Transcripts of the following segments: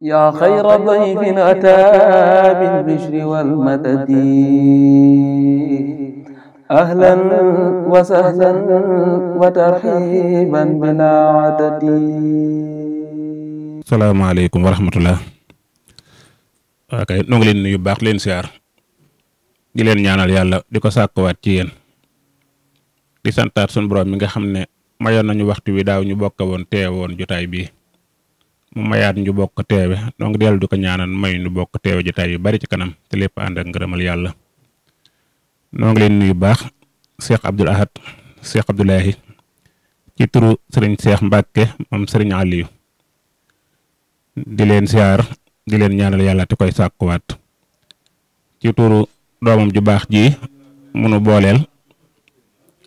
yaa xayra dayfin ataa bil bishri wal madadi wa sahlan wa tarxiiban bilaa adadi. salaamaaleykum wa rahmatulah. kay noo nuyu baax leen siyaar di leen ñaanal yàlla di ko sàkkuwaat ci yéen di santaat sunu borom mi nga xam ne mayoon nañu waxtu wi daaw ñu bokk woon teewoon jotaay bii mu mayaat ñu bokk teewe donc dellu di ko ñaanal may ñu bokk teewe jotaay yu bari ci kanam te lépp ànd ak ngërëmal yàlla noo ngi leen nuyu baax Cheikh Abdoul Ahad Cheikh Abdoulahi ci turu sëriñ Cheikh Mbacke moom sëriñ Aliou di leen siyaar di leen ñaanal yàlla te koy sàkkuwaat ci turu doomam ju baax ji munu booleel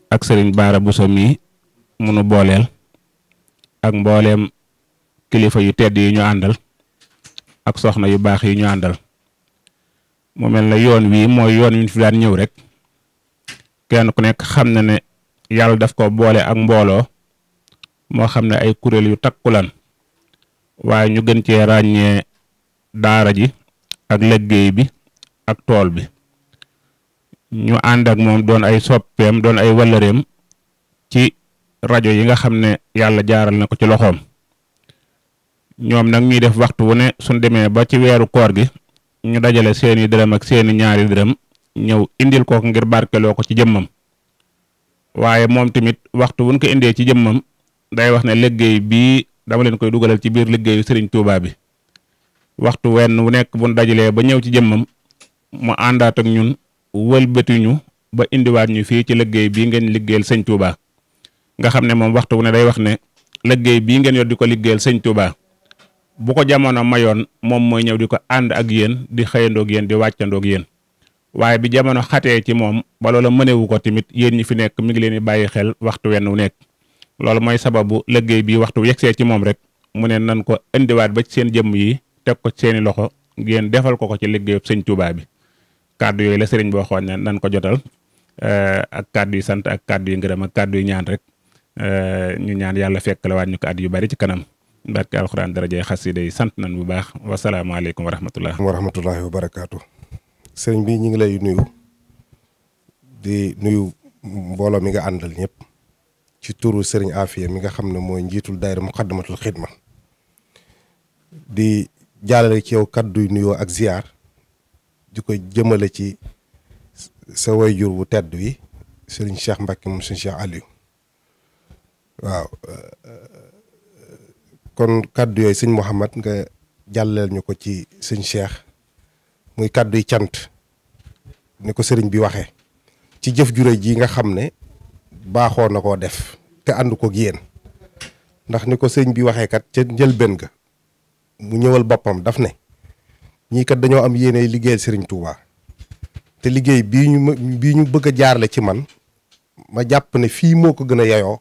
ak sëriñ Baara Bousso mii munu booleel ak mbooleem kilifa yu tedd yi ñu àndal ak soxna yu baax yi ñu àndal mu mel na yoon wii mooy yoon wi fi daan ñëw rek kenn ku nekk xam na ne yàlla def ko boole ak mbooloo moo xam ne ay kuréel yu takkulan waaye ñu gën cee ràññee daara ji ak liggéey bi ak tool bi ñu àndak moom doon ay soppeem doon ay wëllëreem ci rajo yi nga xam ne yàlla jaaral na ko ci loxoom ñoom nag ñuy def waxtu wu ne suñ demee ba ci weeru koor gi ñu dajale seeni dërëm ak seeni ñaari dërëm ñëw indil ko ngir barkeloo ko ci jëmmam waaye moom tamit waxtu wuñ ko indee ci jëmmam day wax ne liggéey bii dama leen koy dugalal ci biir liggéeyu Serigne Touba bi waxtu wenn wu nekk buñ dajalee ba ñëw ci jëmmam mu àndaat ak ñun wëlbatuñu ba indiwaat ñu fii ci liggéey bii ngeen liggéeyal sëñ Touba nga xam ne moom waxtu wu ne day wax ne liggéey bii ngeen yor di ko liggéeyal sëñ Touba bu ko jamono mayoon moom mooy ñëw di ko ànd ak yéen di xëyandoog yéen di wàccandoog yéen waaye bi jamono xatee ci moom ba mënewu ko tamit yéen ñu fi nekk mu ngi leen di bàyyi xel waxtu wenn wu nekk loolu mooy sababu liggéey bi waxtu yegsee ci moom rek mu ne nan ko indiwaat ba ci seen jëmm yi teg ko seeni loxo ngeen defal ko ko ci liggéeyu sëñ Tuubaa bi kàddu yooyu la sëriñ boo waxoon ne nan ko jotal eh, ak kàddu yu sant ak kàddu yu ngërëm ak kàddu yu ñaan rek eh, ñu ñaan yàlla fekk la waat ñu ko at yu bari ci kanam barke alxuraan darajay xasida yi sant nañ bu baax wasalaamaaleykum wa rahmatullah wa rahmatullahi wa barakaatu sëriñ bi ñu ngi lay nuyu di nuyu mbooloo mi nga àndal ñëpp ci turu sëriñ Afia mi nga xam ne mooy njiitul daayira muqaddamatul xidma di jaalale ci yow kadduy nuyoo ak ziar di ko jëmale ci sa wayjur wu tedd wi sëriñ Cheikh Mbacke moom sëriñ Cheikh Aliou waaw kon kàddu yooyu sëñ Mouhamad nga jàlleel ñu ko ci sëñ Cheikh muy kàddu cant ni ko sëriñ bi waxee ci jëf ju réy ji nga xam ne baaxoo na koo def te ànd ko yéen ndax ni ko sëñ bi waxee kat ca njëlbeen ga mu ñëwal boppam daf ne ñii kat dañoo am yéene liggéeyal sëriñ Touba te liggéey bii ñu bii ñu bëgg a jaarale ci man ma jàpp ne fii moo ko gën a yayoo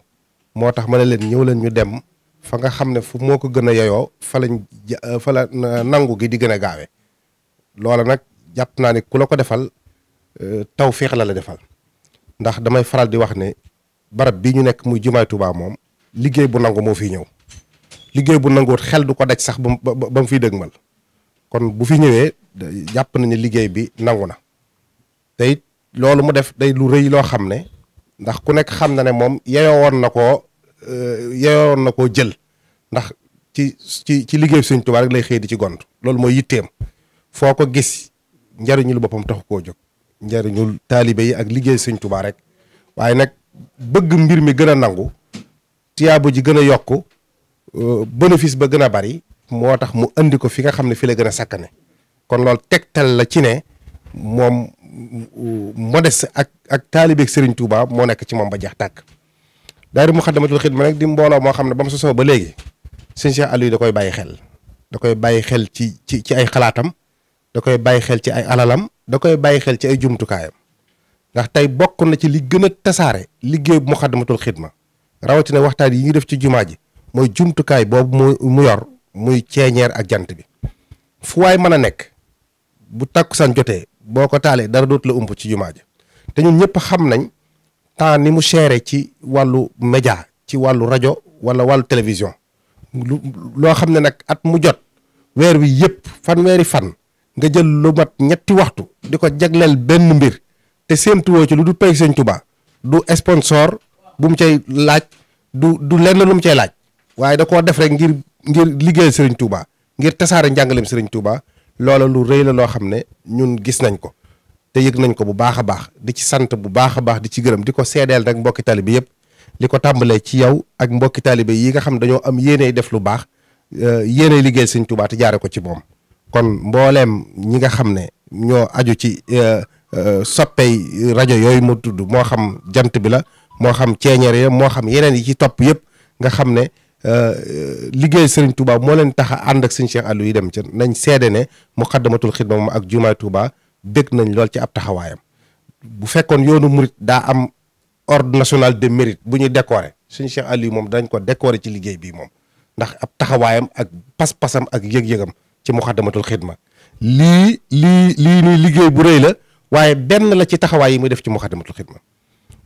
moo tax ma ne leen ñëwleen ñu dem. fa nga xam ne fu moo ko gën a yeyoo fa lañ euh, fa la nangu gi di gën a gaawe loola nag jàpp naa ni ku la ko defal euh, tawféex la la defal ndax damay faral di wax ne barab bi ñu nekk muy jumaay Tuubaa moom liggéey bu nangu moo fiy ñëw liggéey bu nanguwut xel du ko daj sax ba mu ba mu fiy kon bu fi ñëwee jàpp nañu liggéey bi nangu na te it loolu mu def day lu rëy loo xam ne ndax ku nekk xam na ne moom yeyoo woon na ko Euh, yeyoon na koo jël ndax ci ci ci liggéey Sëriñ Tuubaa rek lay xëy di ci gont loolu mooy yitteem foo ko gis njariñul boppam taxu koo jóg njariñul taalibe ak liggéey Sëriñ Tuubaa rek waaye nag bëgg mbir mi gën a nangu tiyaabu ji gën a yokk euh, bénéfice ba gën a bari moo tax mu indi ko fi nga xam ne fi la gën a sàkkane kon loolu tegtal la ci ne moom euh, modeste ak ak taalibeeg Sëriñ Tuubaa moo nekk ci moom ba jeex tàkk daayira Muxaddamatul Xidma nag di mbooloo moo xam ne ba mu sosoo ba léegi sëñ Cheikh Aliou da koy bàyyi xel da koy bàyyi xel ci ci ci ay xalaatam da koy bàyyi xel ci ay alalam da koy bàyyi xel ci ay jumtukaayam ndax tey bokk na ci li gën a tasaare liggéey bu Muxaddamatul Xidma rawatina waxtaan yi ñu def ci jumaa ji mooy jumtukaay boobu mu mu yor muy ceeñeer ak jant bi fu waay mën a nekk bu takkusaan jotee boo ko taalee dara dootu umb ci jumaa ji te ñun ñëpp xam nañ temps ni mu chéré ci wàllu média ci wàllu rajo wala wàllu télévision loo xam ne nag at mu jot weer wi yëpp fanweeri fan nga jël lu mat ñetti waxtu di ko jagleel benn mbir te séentuwoo ci lu du pay sëñ Tuubaa du sponsor bu mu cay laaj du du lenn lu mu cay laaj waaye da koo def rek ngir ngir liggéeyal sëriñ Tuubaa ngir tasaare njàngaleem sëriñ Tuubaa loola lu rëy la loo xam ne ñun gis nañ ko te yëg nañ ko bu baax a baax di ci sant bu baax a baax di ci gërëm di ko seedeel rek mbokki taalibe yëpp li ko tàmbalee ci yow ak mbokki taalibe yi nga xam dañoo am yéeney def lu baax euh, yéeney liggéey Sëñ Tuubaa jaare ko ci moom kon mbooleem ñi nga xam ne ñoo aju ci euh, euh, soppey rajo yooyu mu tudd moo xam jant bi la moo xam ceeñeer moo xam yeneen yi ci topp yëpp nga xam ne liggéey Sëriñ Tuubaa moo leen tax ànd ak Sëriñ Cheikh Aliou yi dem ca nañ seede ne Muqaddamatul Xidma moom ak Jumaay Tuubaa bëgg nañ lool ci ab taxawaayam bu fekkoon yoonu murit daa am ordre national de mérite bu ñu décorer suñu Cheikh Aliou moom dañ ko décorer ci liggéey bii moom ndax ab taxawaayam ak pas-pasam ak yëg-yëgam ci muxaddamatul xidma lii lii lii nii liggéey bu rëy la waaye benn la ci taxawaay yi mu def ci muxaddamatul xidma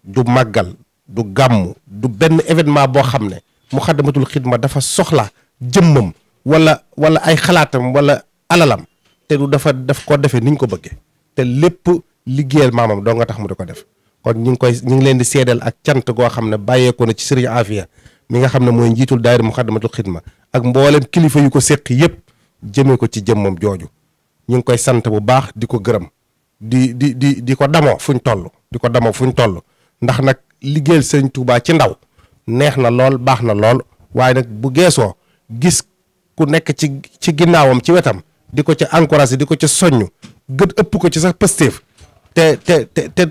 du màggal du gàmm du benn événement boo xam ne muxaddamatul xidma dafa soxla jëmmam walla wala ay xalaatam walla alalam te du dafa daf ko defee ni ñu ko bëggee te lépp liggéeyal maamam doo nga tax mu di ko def kon ñu ngi koy ñu ngi leen di seedeel ak cant goo xam ne bàyyeekoo na ci sëriñ Afia mi nga xam ne mooy njiitul daayira Muxaddamatul Xidma ak mboolem kilifa yu ko séq yëpp jëmee ko ci jëmmam jooju ñu ngi koy sant bu baax di ko gërëm di di di di ko damoo ñu toll di ko damoo ñu toll ndax nag liggéeyal sëriñ Touba ci ndaw neex na lool baax na lool waaye nag bu geesoo gis ku nekk ci ci ginnaawam ci wetam di ko ca encouragé di ko ca soññ gën ëpp ko ci sax Pastef te te te te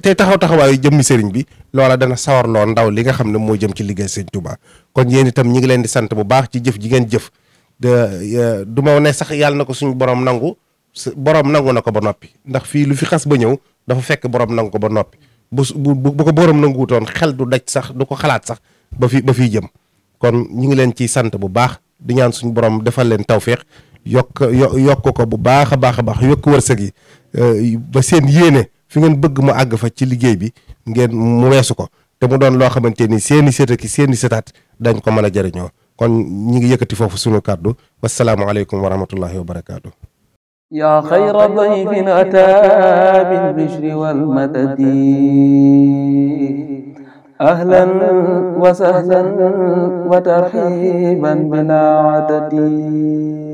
te taxaw taxawaayu jëmm sëriñ bi loola dana sawarloo ndaw li nga xam ne moo jëm ci liggéey sëriñ Touba kon yéen itam ñi ngi leen di sant bu baax ci jëf ji ngeen jëf du ma ne sax yàlla na ko suñu borom nangu borom nangu na ko ba noppi ndax fii lu fi xas ba ñëw dafa fekk borom nangu ko ba noppi bu bu ko borom xel du daj sax du ko xalaat sax ba fi ba fiy jëm kon ñi ngi leen ciy sant bu baax di ñaan suñu borom defal leen tawféex yokk yokk ko bu baax a baax a baax yokk wërsëg yi euh, ba seen yéene fi ngeen bëgg mu àgg fa ci liggéey bi ngeen mu weesu ko te mu doon loo xamante ni seeni sët ak seeni sëtaat dañ ko mën a jëriñoo kon ñi ngi yëkkati foofu sunu kàddu wasalaamualeykum wa rahmatullahi wa barakaatu. yaa xayra dayfin ataa bil bishri wal madadi ahlan wa sahlan wa tarxiiban bilaa adadi